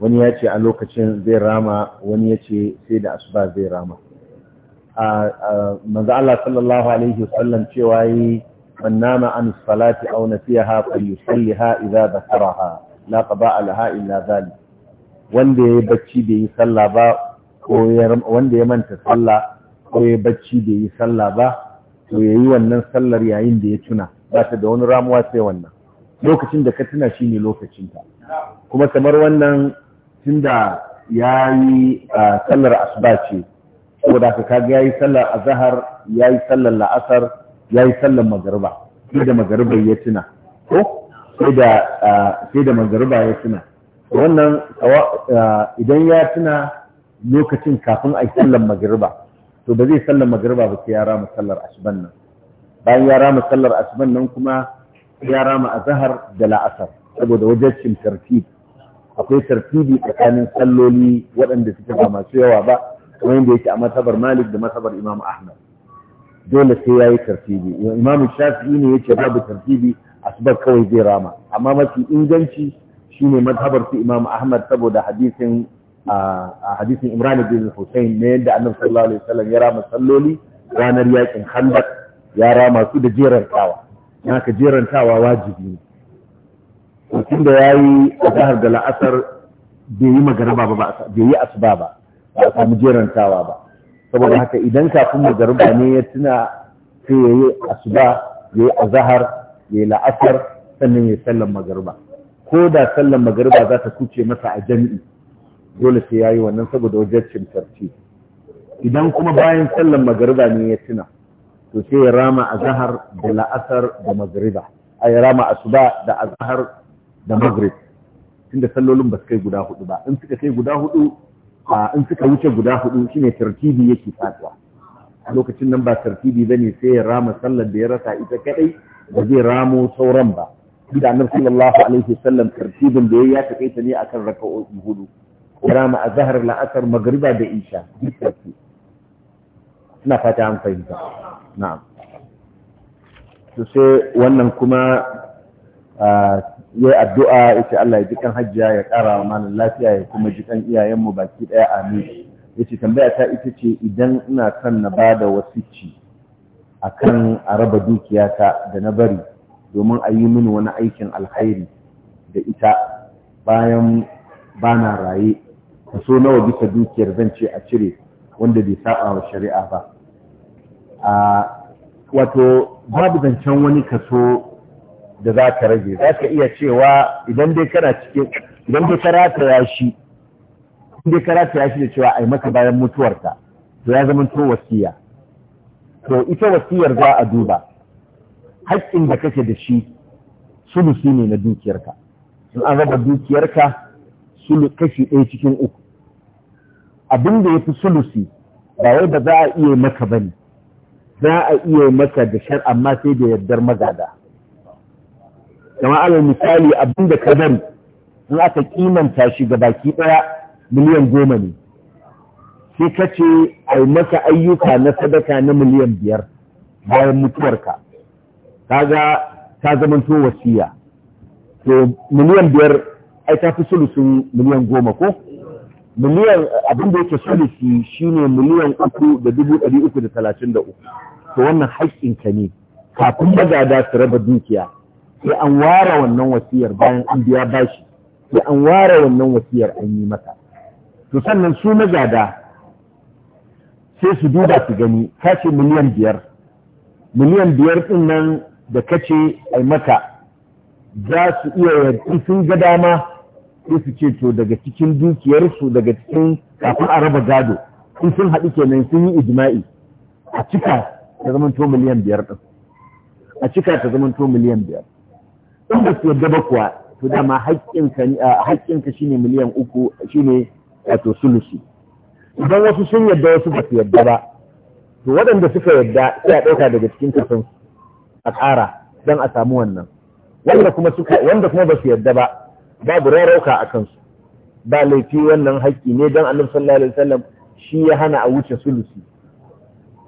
wani ya ce a lokacin zai rama wani ya ce sai da asuba zai rama A manzo Allah sallallahu alaihi wasallam cewa yi man nama an salati aw nasiha falyusalliha idza dhakaraha la qada'a laha illa Zali. wanda yayi bacci bai yi sallah ba ko wanda ya manta sallah ko yayi bacci bai yi sallah ba to yayi wannan sallar yayin da ya tuna ba ta da wani ramuwa sai wannan lokacin da ka tuna shine lokacinta kuma kamar wannan tunda ya yi sallar asuba ce da ka kaga ya yi sallar azahar ya yi sallar la'asar ya yi sallar magariba sai da magariba ya tuna ko sai da magariba ya tuna wannan idan ya tuna lokacin kafin a yi sallar magariba to ba zai sallar magariba ba sai ya rama sallar asuban nan bayan ya rama sallar asuban nan kuma ya rama azahar da la'asar saboda wajen cin tartib akwai tartibi tsakanin salloli waɗanda suke ba masu yawa ba kamar yadda yake a masabar malik da masabar imam ahmad dole sai ya yi tartibi imam shafi'i ne ya babu tartibi asbar kawai zai rama amma mafi inganci shine mazhabar su imam ahmad saboda hadisin a hadisin imran bin hussein ne yadda annabi sallallahu alaihi wasallam ya rama salloli ranar yakin khandaq ya rama su da tawa. naka haka tawa wajibi ne hukun da ya yi a zahar da la'asar bai yi magaraba ba bai yi asuba ba ba a samu jerantawa ba saboda haka idan kafin magaraba ne ya tuna sai ya yi asuba ya yi azahar ya yi la'asar sannan ya yi sallan magaraba ko da sallan magaraba za ta kuce masa a jami'i dole sai ya yi wannan saboda wajen tarci idan kuma bayan sallan magaraba ne ya tuna to sai ya rama azahar da la'asar da magaraba a ya rama asuba da azahar da maghrib tunda sallolin ba su kai guda hudu ba in suka kai guda hudu in suka wuce guda hudu shine tartibi yake fatuwa a lokacin nan ba tartibi bane sai ya rama sallar da ya rasa ita kadai ba zai ramo sauran ba da annabi sallallahu alaihi wasallam tartibin da ya take ta ne akan raka'o'i hudu ya rama azhar la'asar magriba da isha ina fata an fahimta na'am to sai wannan kuma yi addu'a ce Allah ya ji kan hajjiya ya ƙara wa malam lafiya ya kuma ji kan iyayen mu baki ɗaya amin yace tambaya ta ita ce idan ina son na ba da wasu ci a kan a raba dukiyata da na bari domin a yi mini wani aikin alkhairi da ita bayan bana raye kaso nawa bisa dukiyar zan ce a cire wanda bai saba wa shari'a ba wato babu zancen wani kaso da za ka rage za ka iya cewa idan dai kana cikin idan dai ka ya shi idan ka ya shi da cewa ai maka bayan mutuwarka to ya zama to wasiya to ita wasiyar za a duba haƙƙin da kake da shi sulusi ne na dukiyarka in an raba dukiyarka sulu kashi ɗaya cikin uku abin da ya fi sulusi ba wai ba za a iya maka ba ne za a iya maka da shar amma sai da yardar magada kama alal misali abin da ka bari in aka kimanta shi ga baki ɗaya miliyan goma ne sai ka ce a yi maka ayyuka na sadaka na miliyan biyar bayan mutuwarka kaga ta zamanto wasiya to miliyan biyar ai ta fi sulusun miliyan goma ko miliyan abin da yake sulusi shine miliyan uku da dubu ɗari uku da talatin da uku to wannan haƙƙinka ne kafin magada su raba dukiya sai an ware wannan wasiyar bayan an biya bashi sai an ware wannan wasiyar an yi mata to sannan su gada sai su duba su gani kace miliyan biyar miliyan biyar din nan da kace ai maka za su iya yarda sun ga dama sai su ce to daga cikin dukiyarsu daga cikin kafin a raba gado in sun haɗu kenan sun yi ijma'i a cika ta zamanto miliyan biyar ɗin a cika ta zamanto miliyan biyar in ba su yadda ba kuwa to dama haƙƙinka ne miliyan uku shi ne wato sulusi idan wasu sun yadda wasu ba su yadda ba to waɗanda suka yadda sai a ɗauka daga cikin kasan a ƙara don a samu wannan wanda kuma suka wanda kuma ba su yadda ba babu rarauka a kansu ba laifi wannan haƙƙi ne don annabi sallallahu alaihi wasallam shi ya hana a wuce sulusi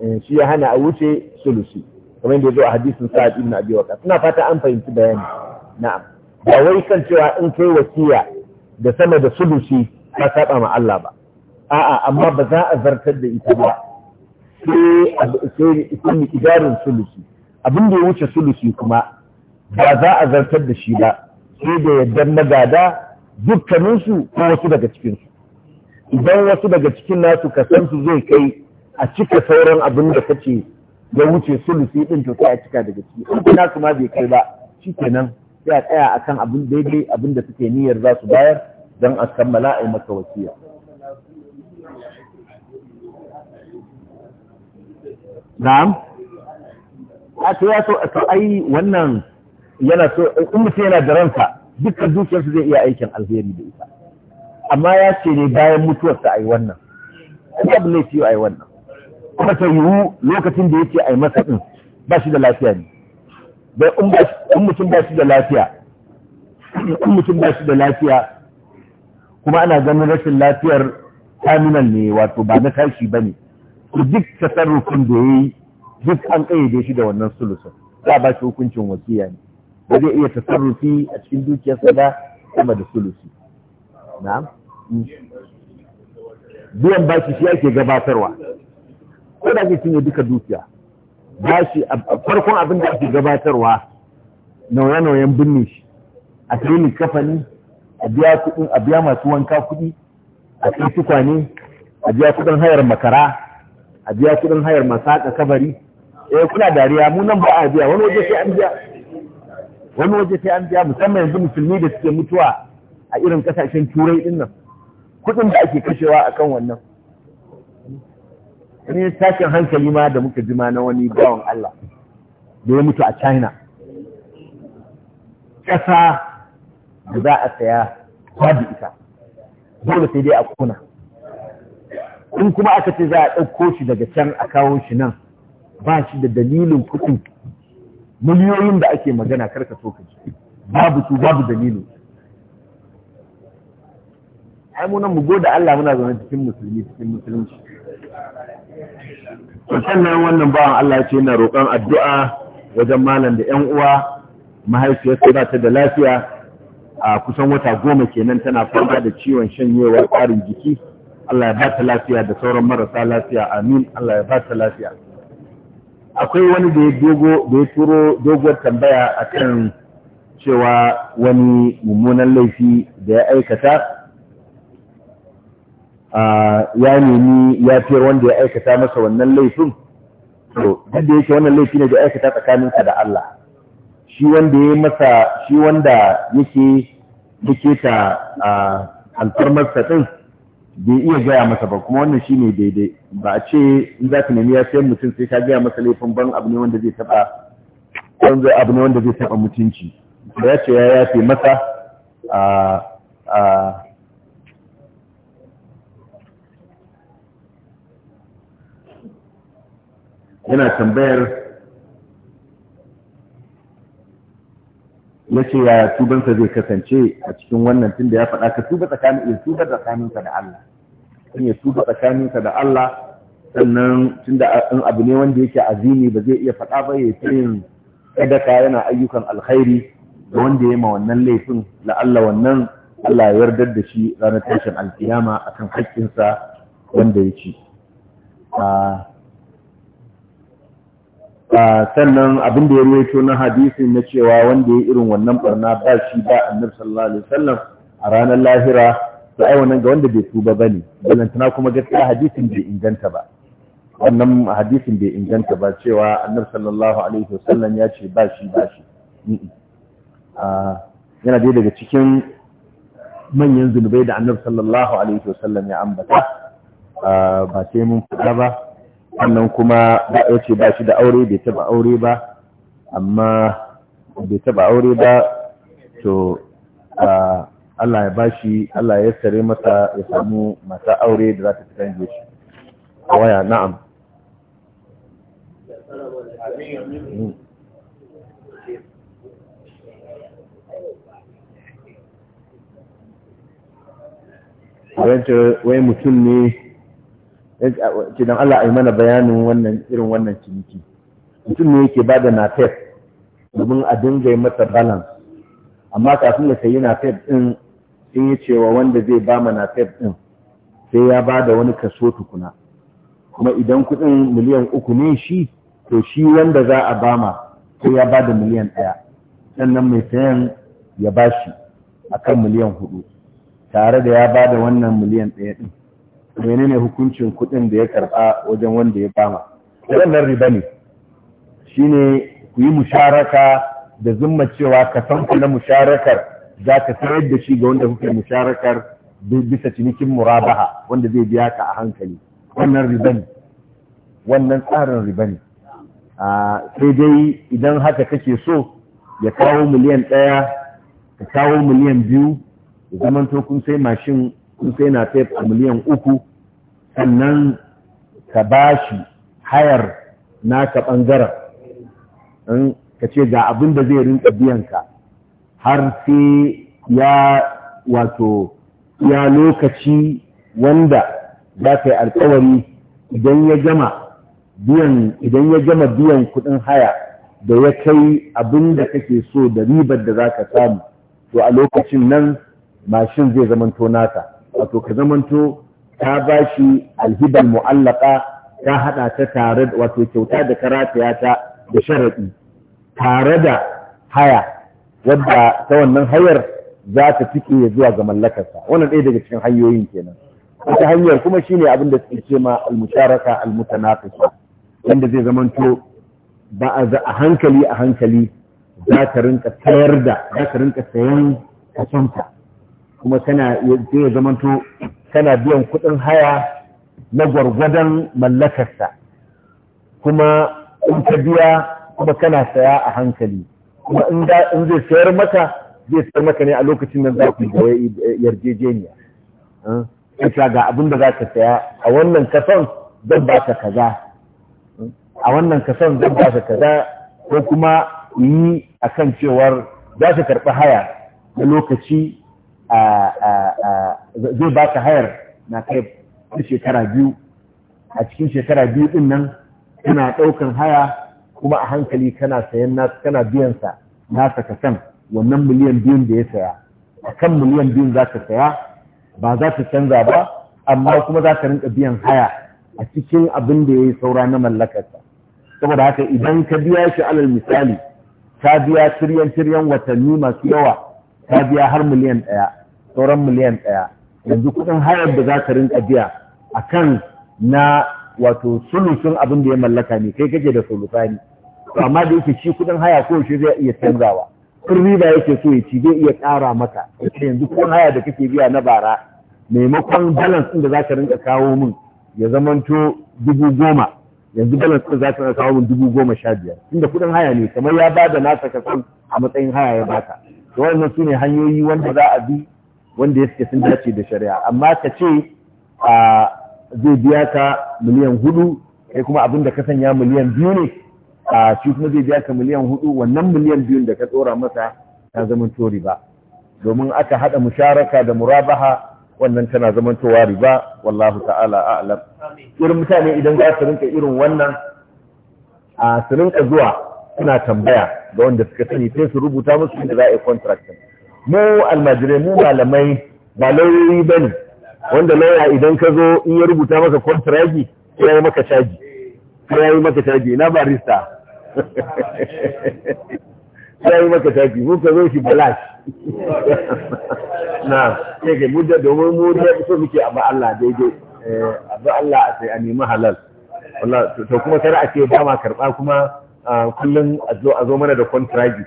eh, shi ya hana a wuce sulusi kamar yadda ya zo a hadisin sa'ad ibn abi waqas ina fata an fahimci bayani na'am ba wai kan cewa in kai wasiya da sama da sulusi ka saba ma Allah ba a'a amma ba za a zartar da ita ba sai sai idarin sulusi abin da ya wuce sulusi kuma ba za a zartar da shi ba sai da yadda magada dukkaninsu ko wasu daga cikinsu idan wasu daga cikin nasu su zai kai a cika sauran abin da kace ya wuce sulusi ɗin to sai a cika daga ciki in kuma su ma bai kai ba kenan sai a tsaya a kan abin daidai abin da suke niyyar za su bayar don a kammala a yi maka wasiya na'am Ya ce ya so to ai wannan yana so in mutum yana da ransa dukkan zuciyarsa zai iya aikin alheri da ita amma ya ce ne bayan mutuwarsa a yi wannan ne laifi a yi wannan kuma ta yiwu lokacin da yake a yi masa ɗin ba shi da lafiya ne bai in mutum ba shi da lafiya in mutum ba shi da lafiya kuma ana ganin rashin lafiyar terminal ne wato ba na tashi ba ne duk tasarrufin da ya yi duk an ƙayyade shi da wannan sulusun za ba shi hukuncin wasiya ne ba zai iya tasarrufi a cikin dukiyarsa ba sama da sulusi na'am biyan bashi shi ake gabatarwa ko da zai cinye duka dukiya bashi farkon abin da ake gabatarwa nauye-nauyen binne shi a kai kafani a biya kuɗin a biya masu wanka kuɗi a kai tukwane a biya kuɗin hayar makara a biya kuɗin hayar masaka kabari eh kuna dariya mu nan ba a biya wani waje sai an biya wani waje sai an biya musamman yanzu musulmi da suke mutuwa a irin kasashen turai din nan kuɗin da ake kashewa akan wannan ne tashin hankali ma da muka jima na wani bawan Allah da ya mutu a China ƙasa da za a saya babu ita dole sai dai a kuna in kuma aka ce za a ɗauko shi daga can a kawo shi nan ba shi da dalilin kuɗin miliyoyin da ake magana karka so ka ji babu su babu dalilin ai mu nan mu Allah muna zaune cikin musulmi cikin musulunci sannan wannan ba'an Allah ce na roƙon addu'a wajen malam da ‘yan uwa mahaifiyarsa ba ta da lafiya a kusan wata goma kenan tana fama da ciwon shanyewar ƙarin jiki Allah ya ba ta lafiya da sauran marasa lafiya amin Allah ya ba ta lafiya akwai wani da ya dogo da ya turo doguwar tambaya akan cewa wani mummunan laifi da ya aikata ya nemi ya fiyar wanda ya aikata masa wannan laifin to duk da yake wannan laifi ne da aikata tsakaninka da Allah shi wanda ya masa shi wanda yake yake ta alfarmarsa din bai iya gaya masa ba kuma wannan shine daidai ba a ce in za ka nemi ya mutum sai ka gaya masa laifin ban abu ne wanda zai taba wanda abu ne wanda zai taba mutunci ya ce ya yafe masa a yana tambayar ya ce ya tubansa zai kasance a cikin wannan tun da ya faɗa ka tuba tsakanin ya tuba tsakaninsa da Allah in ya tuba tsakaninsa da Allah sannan tun da in abu ne wanda yake azimi ba zai iya faɗa ba ya ce yin sadaka yana ayyukan alkhairi ga wanda ya yi ma wannan laifin la'alla wannan Allah ya yardar da shi ranar tashin alkiyama akan haƙƙinsa wanda ya ci. Ah, sannan abin da ya ruwaito na hadisin na cewa wanda ya irin wannan barna ba shi ba annabi sallallahu alaihi wasallam a ranar lahira to ai wannan ga wanda bai tuba bane tana kuma gaskiya hadisin bai inganta ba wannan hadisin bai inganta ba cewa annabi sallallahu alaihi wasallam ya ce ba shi ba shi yana dai daga cikin manyan zunubai da annabi sallallahu alaihi wasallam ya ambata ba sai mun fada ba sannan kuma ba ya ce ba shi da aure bai taba aure ba amma bai taba aure ba to Allah ya bashi Allah ya sare masa ya samu mata aure da za ta kan shi a waya na'am wai mutum ne ke don Allah a mana bayanin wannan irin wannan ciniki mutum ne yake ba da nafef domin a dinga masa balance amma kafin ya sayi nafef ɗin sun yi cewa wanda zai ba ma nafef ɗin sai ya ba da wani kaso tukuna kuma idan kuɗin miliyan uku ne shi to shi wanda za a ba ma sai ya ba da miliyan ɗaya sannan mai sayan ya ba shi a kan miliyan hudu tare da ya ba da wannan miliyan ɗaya din menene hukuncin kuɗin da ya karɓa wajen wanda ya kama wannan riba ne Shi ne ku yi musharaka da zumma cewa ka san na musharakar za ka sayar da shi ga wanda kuke musharakar bisa cinikin murabaha wanda zai biya ka a hankali wannan riba ne wannan tsarin riba ne sai dai idan haka kake so ya kawo miliyan ɗaya ka kawo miliyan biyu ya to kun sai mashin kun sai na tef a miliyan uku sannan ka ba shi hayar naka ɓangaren in ka ce ga abin da zai rinka ka, har sai ya wato ya lokaci wanda za ka yi alkawari idan ya gama biyan idan ya gama biyan kudin haya da ya kai abin da kake so da ribar da za ka samu to a lokacin nan mashin zai zamanto naka wato ka zamanto ta ba shi alhibar mu'allaka ta haɗa ta tare wato kyauta da karatayata ta da sharaɗi tare da haya wadda ta wannan hayar za ta tike zuwa ga mallakarsa wannan ɗaya daga cikin hanyoyin kenan wata hanyar kuma shine abin da suke ce ma almusharaka almutanaqisa wanda zai zamanto ba a hankali a hankali za ta rinka tayar da za ta rinka sayan kasanta kuma tana zai zamanto kana biyan kuɗin haya na gwargwadon mallakarsa kuma in ka biya kuma kana saya a hankali kuma in zai sayar maka zai sayar maka ne a lokacin da za ku yarjejeniya ah, ita ga abin da za ka saya a wannan kason zan ba ka kaza ah, a wannan kason zan ba ka kaza ko kuma yi akan cewar za ka karɓi haya na lokaci zai ba ka hayar na kai shekara biyu a cikin shekara biyu din nan kana ɗaukan haya kuma a hankali kana sayan nasu kana biyansa nasa ka san wannan miliyan biyun da ya saya a kan miliyan biyun za ka saya ba za ta canza ba amma kuma za ka rinka biyan haya a cikin abin da ya yi saura na mallakarsa saboda haka idan ka biya shi alal misali ka biya tiryan tiryan watanni masu yawa ka biya har miliyan ɗaya sauran miliyan ɗaya yanzu kuɗin hayar da za ka rinka biya a kan na wato sulusun abin da ya mallaka ne kai kake da To amma da yake shi kuɗin haya ko shi zai iya canzawa in riba yake so ya ci zai iya ƙara maka yake yanzu kuɗin haya da kake biya na bara maimakon balance ɗin da za ka rinka kawo min ya zamanto dubu goma yanzu balance ɗin za ka rinka kawo min dubu goma sha biyar inda kuɗin haya ne kamar ya ba da nasa kasan a matsayin haya ya baka to wannan su ne hanyoyi wanda za a bi wanda ya suke sun dace da shari'a amma ka ce a zai biya ka miliyan hudu kai kuma abin da ka sanya miliyan biyu ne a shi kuma zai biya ka miliyan hudu wannan miliyan biyun da ka tsora masa ta zama tori riba domin aka hada musharaka da murabaha wannan tana zama to riba wallahu ta'ala a'lam irin mutane idan za su rinka irin wannan a su rinka zuwa suna tambaya ga wanda suka sani sai su rubuta masu inda za a yi contract mu almajirai mu malamai ba lauyoyi ba ne wanda lauya idan ka zo in ya rubuta maka kontragi sai ya yi maka caji sai ya yi maka caji na barista sai ya yi maka caji mu ka zo shi balash na sai kai mu da domin mu da so muke a ba Allah daidai eh, a ba a sai a nemi halal to kuma kar a ce ba ma karba kuma ah, kullum a zo mana da kontragi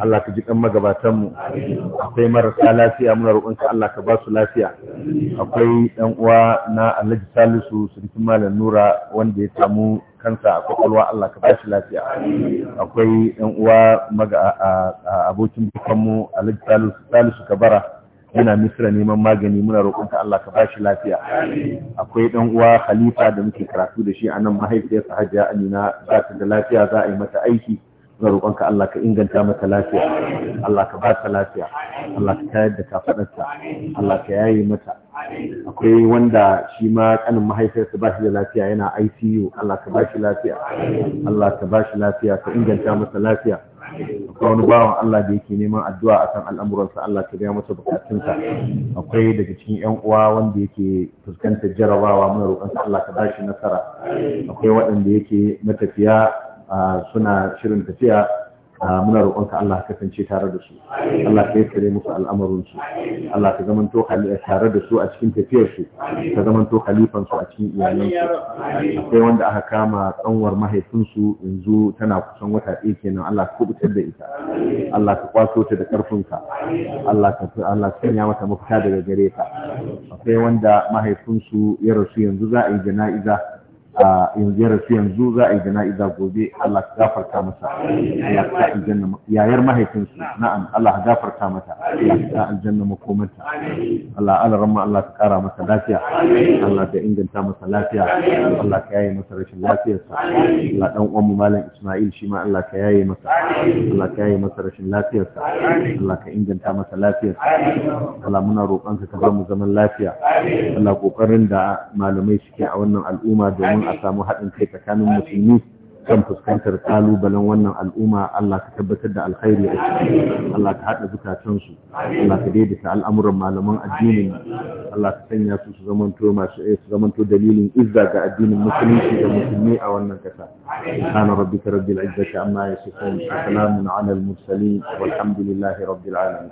Allah ka ji ɗan magabatanmu akwai marasa lafiya muna roƙonka Allah ka ba su lafiya akwai ɗan uwa na Alhaji Salisu Sulki Malam Nura wanda ya samu kansa a kwakwalwa Allah ka bashi lafiya akwai ɗan uwa maga abokin bukanmu Alhaji Salisu Kabara yana misira neman magani muna roƙonka Allah ka bashi lafiya akwai ɗan uwa Khalifa da muke karatu da shi a nan mahaifiyarsa Hajiya Amina za ta da lafiya za a yi mata aiki na roƙonka Allah ka inganta mata lafiya Allah ka ba ta lafiya Allah ka tayar da kafaɗarta Allah ka yaye mata akwai wanda shi ma kanin mahaifiyarsa ba shi da lafiya yana ICU Allah ka ba shi lafiya Allah ka ba shi lafiya ka inganta masa lafiya akwai wani bawan Allah da yake neman addu'a akan al'amuransa Allah ka biya masa bukatunsa akwai daga cikin yan uwa wanda yake fuskantar jarabawa muna roƙonsa Allah ka ba shi nasara akwai waɗanda yake matafiya suna shirin tafiya muna roƙonka Allah ka kasance tare da su Allah ka yi musu al'amarin su Allah ka zamanto tare da su a cikin tafiyar su ka zamanto khalifan su a cikin iyalan su akwai wanda aka kama kanwar mahaifin su yanzu tana kusan wata ɗaya kenan Allah ka kubutar da ita Allah ka kwaso ta da karfin ka Allah ka Allah ka sanya mata mafita daga gare ka akwai wanda mahaifin su ya rasu yanzu za a yi jana'iza yanzu ya rasu yanzu za a yi jana'iza gobe Allah ka gafarta masa Allah ka aljanna yayar mahaifinsu na'am Allah ka gafarta mata Ya ka aljanna makomarta Allah Allah ramma Allah ka kara masa lafiya Allah ka inganta masa lafiya Allah ka yaye masa rashin lafiyarsa Allah dan uwan mu malam Isma'il shi ma Allah ka yaye masa Allah ka yaye masa rashin lafiyarsa Allah ka inganta masa lafiyarsa Allah muna roƙonka ka ba mu zaman lafiya Allah kokarin da malamai suke a wannan al'umma domin a samu haɗin kai tsakanin musulmi kan fuskantar kalubalen wannan al'umma Allah ka tabbatar da alkhairi a ciki Allah ka haɗa zukatansu Allah ka daidaita al'amuran malaman addinin Allah ka sanya su su zamanto masu eh, su zamanto dalilin izza ga addinin musulunci da musulmi a wannan kasa. subhana rabbika rabbil izzati amma yasifun wa salamun ala al mursalin walhamdulillahi rabbil alamin